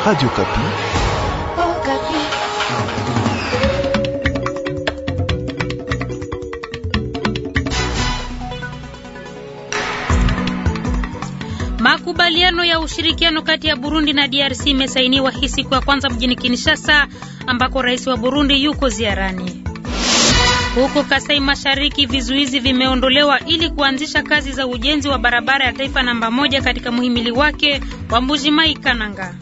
Radio Okapi. Oh, Makubaliano ya ushirikiano kati ya Burundi na DRC imesainiwa hii siku ya kwanza mjini Kinshasa ambako rais wa Burundi yuko ziarani. Huko Kasai Mashariki vizuizi vimeondolewa ili kuanzisha kazi za ujenzi wa barabara ya taifa namba moja katika muhimili wake wa Mbujimai Kananga.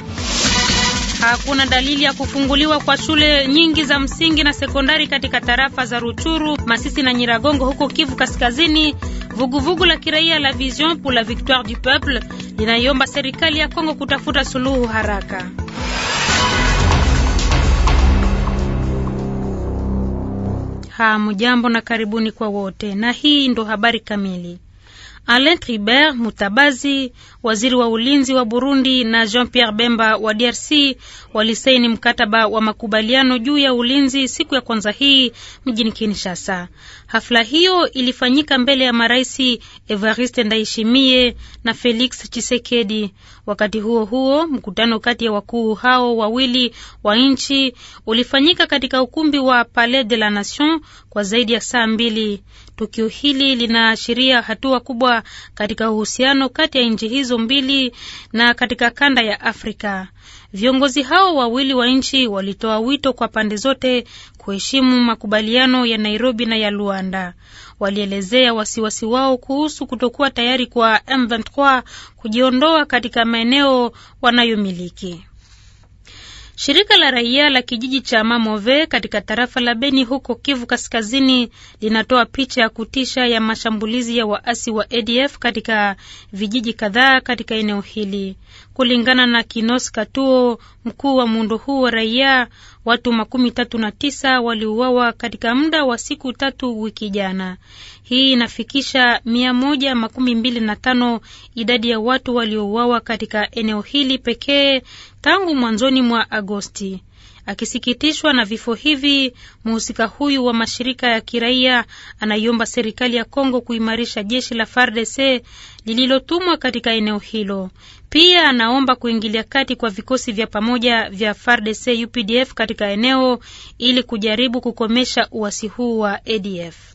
Hakuna dalili ya kufunguliwa kwa shule nyingi za msingi na sekondari katika tarafa za Ruchuru, Masisi na Nyiragongo huko Kivu Kaskazini. Vuguvugu vugu la kiraia la Vision pour la Victoire du Peuple linaiomba serikali ya Kongo kutafuta suluhu haraka. Hamjambo na karibuni kwa wote, na hii ndo habari kamili. Alain Tribert Mutabazi, waziri wa ulinzi wa Burundi, na Jean Pierre Bemba wa DRC walisaini mkataba wa makubaliano juu ya ulinzi siku ya kwanza hii mjini Kinshasa. Hafla hiyo ilifanyika mbele ya marais Evariste Ndayishimiye na Felix chisekedi Wakati huo huo, mkutano kati ya wakuu hao wawili wa nchi ulifanyika katika ukumbi wa Palais de la Nation kwa zaidi ya saa mbili. Tukio hili linaashiria hatua kubwa katika uhusiano kati ya nchi hizo mbili na katika kanda ya Afrika. Viongozi hao wawili wa nchi walitoa wito kwa pande zote kuheshimu makubaliano ya Nairobi na ya Luanda. Walielezea wasiwasi wao kuhusu kutokuwa tayari kwa M23 kujiondoa katika maeneo wanayomiliki. Shirika la raia la kijiji cha Mamove katika tarafa la Beni huko Kivu Kaskazini linatoa picha ya kutisha ya mashambulizi ya waasi wa ADF katika vijiji kadhaa katika eneo hili. Kulingana na Kinos Katuo, mkuu wa muundo huu wa raia, watu makumi tatu na tisa waliuawa katika muda wa siku tatu wiki jana. Hii inafikisha mia moja makumi mbili na tano idadi ya watu waliouawa katika eneo hili pekee tangu mwanzoni mwa Agosti. Akisikitishwa na vifo hivi, mhusika huyu wa mashirika ya kiraia anaiomba serikali ya Kongo kuimarisha jeshi la FARDC lililotumwa katika eneo hilo. Pia anaomba kuingilia kati kwa vikosi vya pamoja vya FARDC UPDF katika eneo ili kujaribu kukomesha uasi huu wa ADF.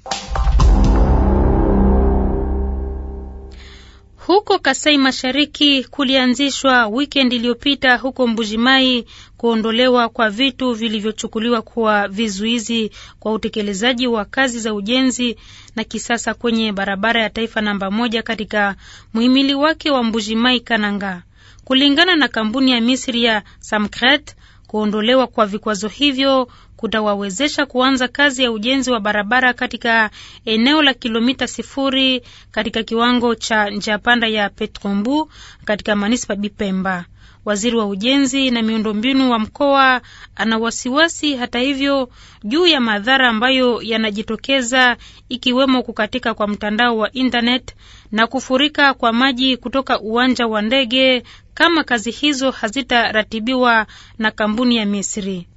Huko Kasai Mashariki kulianzishwa wikendi iliyopita huko Mbujimai kuondolewa kwa vitu vilivyochukuliwa kuwa vizuizi kwa utekelezaji wa kazi za ujenzi na kisasa kwenye barabara ya taifa namba moja katika muhimili wake wa Mbujimai Kananga. Kulingana na kampuni ya Misri ya Samkret, kuondolewa kwa vikwazo hivyo kutawawezesha kuanza kazi ya ujenzi wa barabara katika eneo la kilomita sifuri katika kiwango cha njia panda ya Petrombu katika manispa Bipemba. Waziri wa ujenzi na miundombinu wa mkoa ana wasiwasi hata hivyo juu ya madhara ambayo yanajitokeza ikiwemo kukatika kwa mtandao wa intnet na kufurika kwa maji kutoka uwanja wa ndege kama kazi hizo hazitaratibiwa na kampuni ya Misri.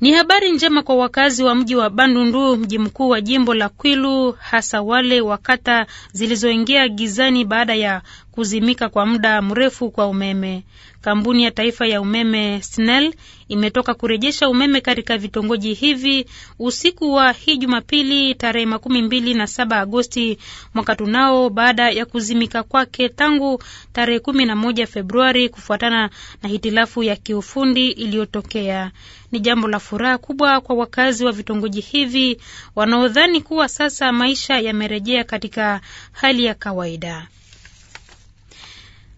Ni habari njema kwa wakazi wa mji wa Bandundu, mji mkuu wa jimbo la Kwilu, hasa wale wa kata zilizoingia gizani baada ya kuzimika kwa muda mrefu kwa umeme. Kampuni ya taifa ya umeme SNEL imetoka kurejesha umeme katika vitongoji hivi usiku wa hii Jumapili tarehe makumi mbili na saba Agosti mwaka tunao, baada ya kuzimika kwake tangu tarehe kumi na moja Februari kufuatana na hitilafu ya kiufundi iliyotokea. Ni jambo la furaha kubwa kwa wakazi wa vitongoji hivi wanaodhani kuwa sasa maisha yamerejea katika hali ya kawaida.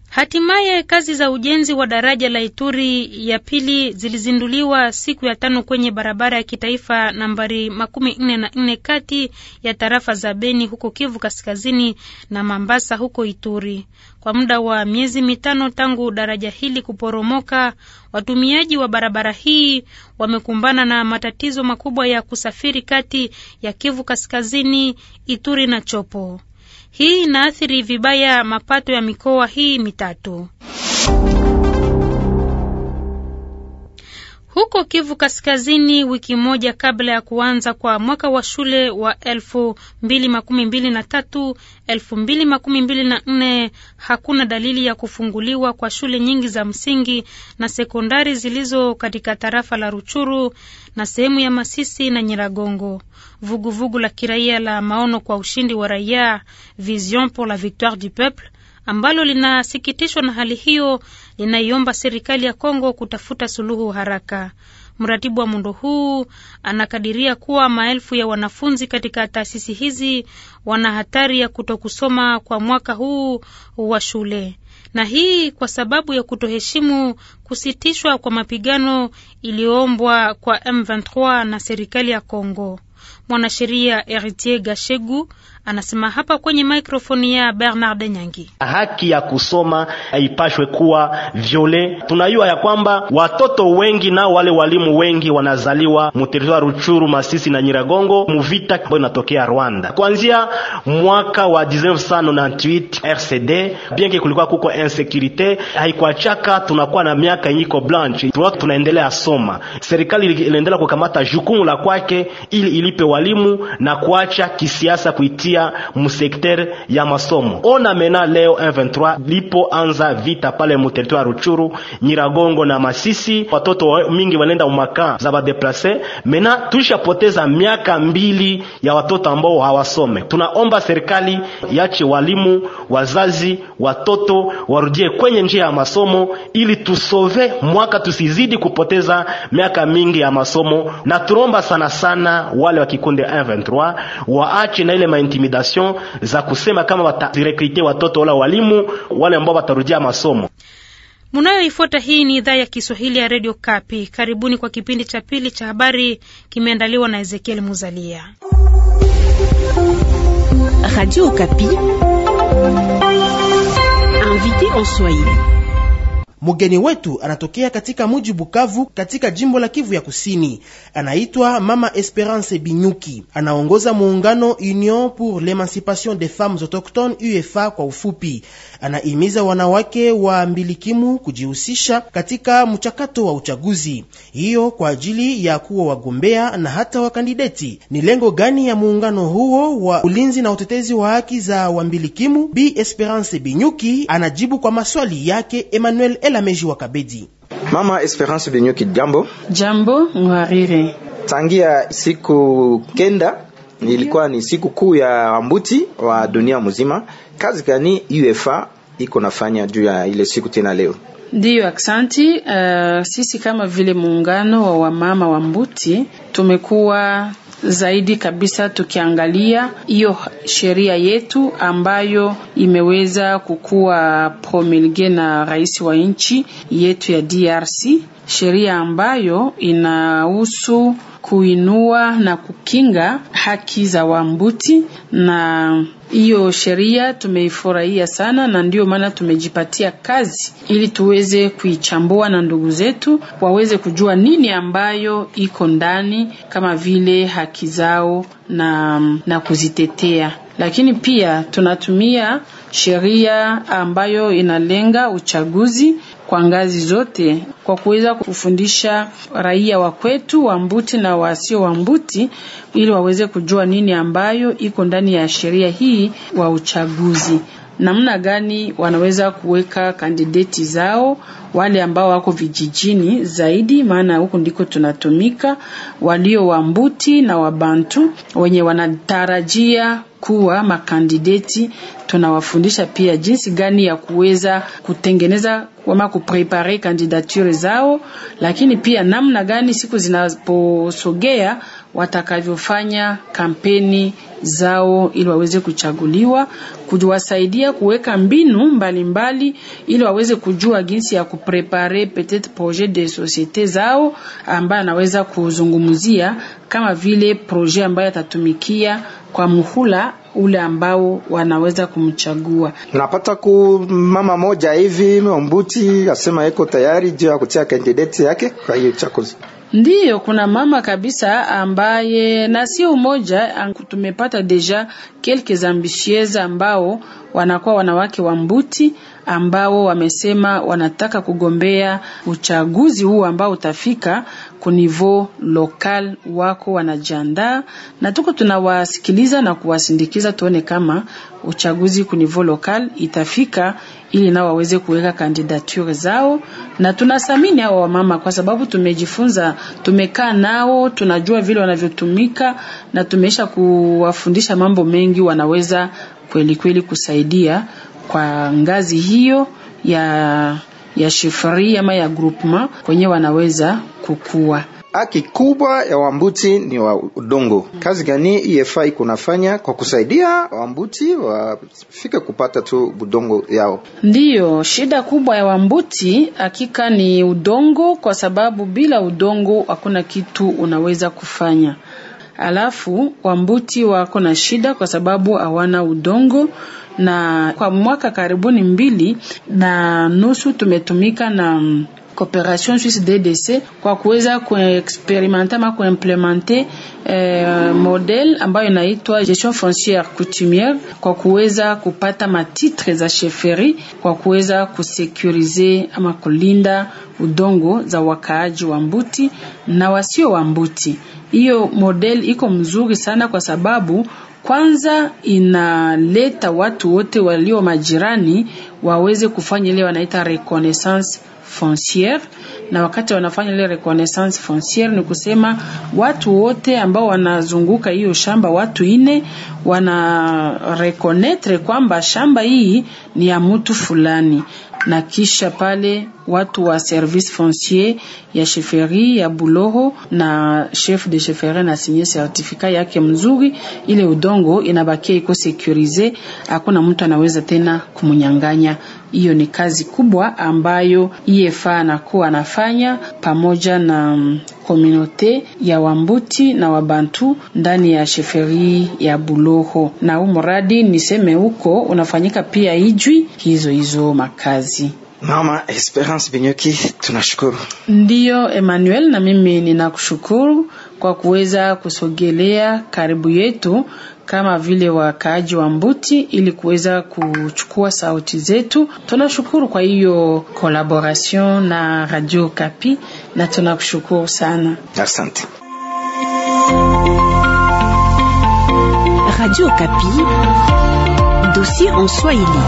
Hatimaye kazi za ujenzi wa daraja la Ituri ya pili zilizinduliwa siku ya tano kwenye barabara ya kitaifa nambari makumi nne na nne kati ya tarafa za Beni huko Kivu Kaskazini na Mambasa huko Ituri. Kwa muda wa miezi mitano tangu daraja hili kuporomoka, watumiaji wa barabara hii wamekumbana na matatizo makubwa ya kusafiri kati ya Kivu Kaskazini, Ituri na Chopo. Hii inaathiri vibaya mapato ya mikoa hii mitatu. Huko Kivu Kaskazini, wiki moja kabla ya kuanza kwa mwaka wa shule wa elfu mbili makumi mbili na tatu elfu mbili makumi mbili na nne hakuna dalili ya kufunguliwa kwa shule nyingi za msingi na sekondari zilizo katika tarafa la Ruchuru na sehemu ya Masisi na Nyiragongo. Vuguvugu la kiraia la maono kwa ushindi wa raia, Vision pour la Victoire du Peuple ambalo linasikitishwa na hali hiyo linaiomba serikali ya Kongo kutafuta suluhu haraka. Mratibu wa muundo huu anakadiria kuwa maelfu ya wanafunzi katika taasisi hizi wana hatari ya kutokusoma kwa mwaka huu wa shule, na hii kwa sababu ya kutoheshimu kusitishwa kwa mapigano iliyoombwa kwa M23 na serikali ya Kongo. Mwanasheria Heritier Gashegu anasema hapa kwenye mikrofoni ya Bernard Nyangi. Haki ya kusoma haipashwe kuwa viole. Tunajua ya kwamba watoto wengi na wale walimu wengi wanazaliwa mteritoa Ruchuru, Masisi na Nyiragongo muvita ambayo inatokea Rwanda kuanzia mwaka wa 1998 RCD bienke kulikuwa kuko insecurite haikuachaka, tunakuwa na miaka nyiko blanche, tunaendelea soma, serikali iliendelea kukamata jukumu la kwake ili ilipe wa walimu na kuacha kisiasa kuitia msekter ya masomo. Ona mena leo M23 lipoanza vita pale muteritoire Ruchuru, Nyiragongo na Masisi, watoto mingi walenda umaka za badeplase. Mena tushapoteza miaka mbili ya watoto ambao hawasome. Tunaomba serikali yache walimu, wazazi, watoto warudie kwenye njia ya masomo ili tusove mwaka, tusizidi kupoteza miaka mingi ya masomo, na turomba sana sana wale wa kundi M23 waache na ile maintimidation za kusema kama watazirekrite watoto wala walimu wale ambao watarudia masomo. Munayoifuata hii ni idhaa ya Kiswahili ya Radio Kapi. Karibuni kwa kipindi cha pili cha habari, kimeandaliwa na Ezekiel Muzalia. Radio Kapi. Invité en Swahili. Mgeni wetu anatokea katika muji Bukavu, katika jimbo la Kivu ya Kusini. Anaitwa Mama Esperance Binyuki, anaongoza muungano Union pour l'Emancipation des Femmes Autochtones, ufa kwa ufupi. Anahimiza wanawake wa mbilikimu kujihusisha katika mchakato wa uchaguzi, hiyo kwa ajili ya kuwa wagombea na hata wakandideti. Ni lengo gani ya muungano huo wa ulinzi na utetezi wa haki za wambilikimu? Bi Esperance Binyuki anajibu kwa maswali yake Emmanuel Ela Meji wa Kabedi. Mama Esperance Benyoki, jambo. Jambo mhariri. Tangia siku kenda ilikuwa ni siku kuu ya wambuti wa dunia mzima. Kazi gani UEFA iko nafanya juu ya ile siku tena leo? Ndiyo, aksanti. Uh, sisi kama vile muungano wa wamama wa mbuti tumekuwa zaidi kabisa tukiangalia hiyo sheria yetu ambayo imeweza kukuwa promulge na rais wa nchi yetu ya DRC, sheria ambayo inahusu kuinua na kukinga haki za Wambuti na hiyo sheria tumeifurahia sana, na ndiyo maana tumejipatia kazi ili tuweze kuichambua na ndugu zetu waweze kujua nini ambayo iko ndani, kama vile haki zao na, na kuzitetea lakini pia tunatumia sheria ambayo inalenga uchaguzi kwa ngazi zote kwa kuweza kufundisha raia wa kwetu wa Mbuti na wasio wa Mbuti ili waweze kujua nini ambayo iko ndani ya sheria hii wa uchaguzi namna gani wanaweza kuweka kandideti zao wale ambao wako vijijini zaidi, maana huku ndiko tunatumika, walio wambuti na wabantu wenye wanatarajia kuwa makandideti. Tunawafundisha pia jinsi gani ya kuweza kutengeneza ama kuprepare kandidature zao, lakini pia namna gani siku zinaposogea watakavyofanya kampeni zao ili waweze kuchaguliwa, kuwasaidia kuweka mbinu mbalimbali ili waweze kujua jinsi ya kuprepare peut projet de societe zao ambayo anaweza kuzungumzia kama vile projet ambayo atatumikia kwa muhula ule ambao wanaweza kumchagua. Unapata ku mama moja hivi mbuti asema eko tayari juu ya kutia kandideti yake kwa hiyo uchaguzi Ndiyo, kuna mama kabisa ambaye na si umoja, tumepata deja quelques ambitieuses ambao wanakuwa wanawake wa Mbuti ambao wamesema wanataka kugombea uchaguzi huu ambao utafika kunivou lokal, wako wanajiandaa na tuko tunawasikiliza na kuwasindikiza, tuone kama uchaguzi kunivou lokal itafika ili nao waweze kuweka kandidature zao, na tunathamini hao wamama kwa sababu tumejifunza, tumekaa nao, tunajua vile wanavyotumika na tumeisha kuwafundisha mambo mengi, wanaweza kweli kweli kusaidia kwa ngazi hiyo ya ya shifari ama ya groupement kwenye wanaweza kukua. Haki kubwa ya Wambuti ni wa udongo. Kazi gani EFI kunafanya kwa kusaidia Wambuti wafike kupata tu budongo yao? Ndiyo, shida kubwa ya Wambuti hakika ni udongo, kwa sababu bila udongo hakuna kitu unaweza kufanya. Alafu Wambuti wako na shida kwa sababu hawana udongo, na kwa mwaka karibuni mbili na nusu tumetumika na Cooperation Suisse DDC kwa kuweza kuexperimenta ama kuimplemente eh, model ambayo inaitwa gestion foncière coutumière kwa kuweza kupata matitre za sheferi kwa kuweza kusekurize ama kulinda udongo za wakaaji wa Mbuti na wasio wa Mbuti. Hiyo model iko mzuri sana kwa sababu kwanza inaleta watu wote walio majirani waweze kufanya ile wanaita reconnaissance fonciere, na wakati wanafanya ile reconnaissance fonciere ni kusema watu wote ambao wanazunguka hiyo shamba, watu ine wana reconnaître kwamba shamba hii ni ya mtu fulani, na kisha pale watu wa service foncier ya sheferi ya Buloho na chef de sheferi na sinye certificat yake mzuri, ile udongo inabakia iko securize, hakuna mtu anaweza tena kumunyanganya. Hiyo ni kazi kubwa ambayo IFA anakuwa anafanya pamoja na komunote mm, ya Wambuti na Wabantu ndani ya sheferi ya Buloho, na huu mradi niseme huko unafanyika pia ijwi hizo hizo makazi Mama Esperance Binyuki, tunashukuru. Ndiyo Emmanuel, na mimi ninakushukuru kwa kuweza kusogelea karibu yetu kama vile wakaaji wa Mbuti ili kuweza kuchukua sauti zetu. Tunashukuru kwa hiyo collaboration na Radio Kapi na tunakushukuru sana. Asante. Radio Kapi, dossier en Swahili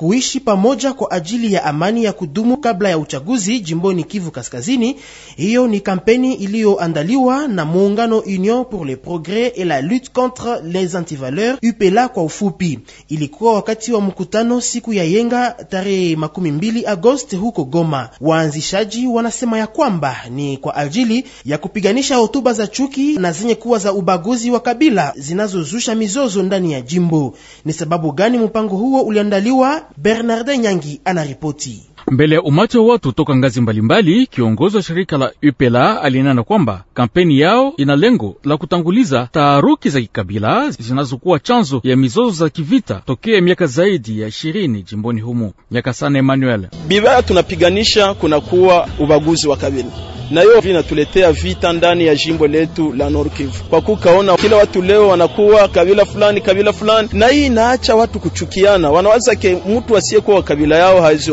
kuishi pamoja kwa ajili ya amani ya kudumu kabla ya uchaguzi jimboni Kivu Kaskazini. Hiyo ni kampeni iliyoandaliwa na muungano Union pour le Progres et la lutte contre les antivaleurs UPELA kwa ufupi. Ilikuwa wakati wa mkutano siku ya Yenga tarehe makumi mbili Agosti huko Goma. Waanzishaji wanasema ya kwamba ni kwa ajili ya kupiganisha hotuba za chuki na zenye kuwa za ubaguzi wa kabila zinazozusha mizozo ndani ya jimbo. Ni sababu gani mpango huo uliandaliwa? Bernardin Nyangi anaripoti. Mbele ya umati wa watu toka ngazi mbalimbali, kiongozi wa shirika la UPLA alinena kwamba kampeni yao ina lengo la kutanguliza taharuki za kikabila zinazokuwa chanzo ya mizozo za kivita tokea miaka zaidi ya ishirini jimboni humo. Nyakasana Emmanuel Bibaya, tunapiganisha kunakuwa ubaguzi wa kabila na hiyo vinatuletea vita ndani ya jimbo letu la North Kivu, kwa kukaona kila watu leo wanakuwa kabila fulani kabila fulani, na hii inaacha watu kuchukiana, wanawaza ke mtu asiyekuwa wa kabila yao hawezi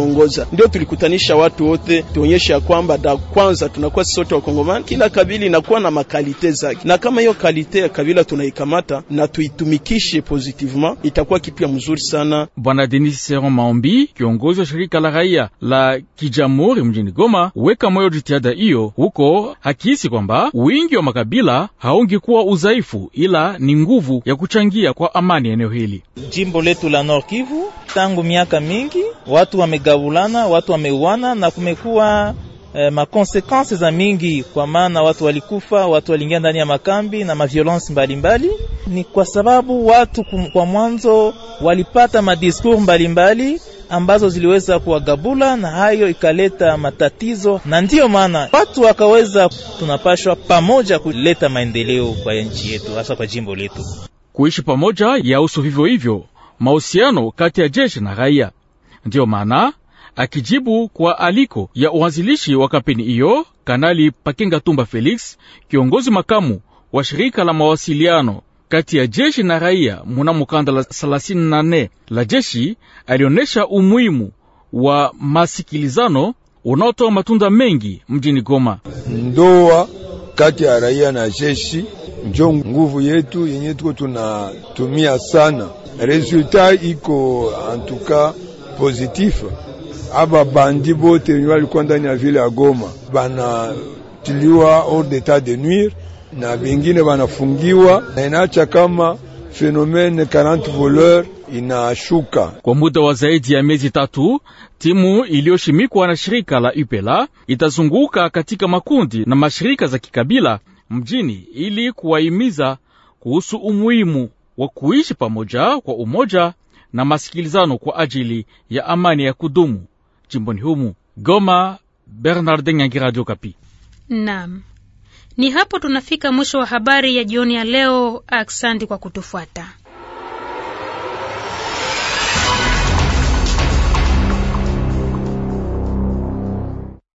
Ndio tulikutanisha watu wote tuonyeshe ya kwamba da kwanza tunakuwa sote Wakongomani, kila kabila inakuwa na makalite zake, na kama hiyo kalite ya kabila tunaikamata na tuitumikishe positivement, itakuwa kitu ya mzuri sana. Bwana Denis Seron Maombi, kiongozi wa shirika la raia la kijamhuri mjini Goma, weka moyo jitihada hiyo huko hakihisi kwamba wingi wa makabila haongi kuwa udhaifu, ila ni nguvu ya kuchangia kwa amani eneo hili. Jimbo letu la Nord Kivu tangu miaka mingi watu wamegabulana, watu wameuana na kumekuwa eh, za mingi, kwa maana watu walikufa, watu waliingia ndani ya makambi na maviolensi mbalimbali. Ni kwa sababu watu kwa mwanzo walipata madiskur mbalimbali ambazo ziliweza kuwagabula na hayo ikaleta matatizo, na ndiyo maana watu wakaweza, tunapashwa pamoja kuleta maendeleo kwa nchi yetu, hasa kwa jimbo letu. Kuishi pamoja yahusu vivyo hivyo mahusiano kati ya jeshi na raia, ndiyo maana Akijibu kwa aliko ya uanzilishi wa kampeni hiyo, Kanali Pakenga Tumba Felix, kiongozi makamu wa shirika la mawasiliano kati ya jeshi na raia mnamo kanda la 34 la jeshi, alionyesha umuhimu wa masikilizano unaotoa matunda mengi mjini Goma. Ndoa kati ya raia na jeshi njo nguvu yetu yenye tuko tunatumia sana. resulta iko antuka positif aba bandi bote wenye walikuwa ndani ya vile ya Goma banatiliwa hors d'etat de nuire na bengine banafungiwa na inaacha kama fenomene 40 voleur inashuka kwa muda wa zaidi ya miezi tatu. Timu iliyoshimikwa na shirika la UPELA itazunguka katika makundi na mashirika za kikabila mjini ili kuwahimiza kuhusu umuhimu wa kuishi pamoja kwa umoja na masikilizano kwa ajili ya amani ya kudumu jimboni humu. Goma, Bernard Nyangi, Radio Kapi. Naam, ni hapo tunafika mwisho wa habari ya jioni ya leo. Aksandi kwa kutufuata.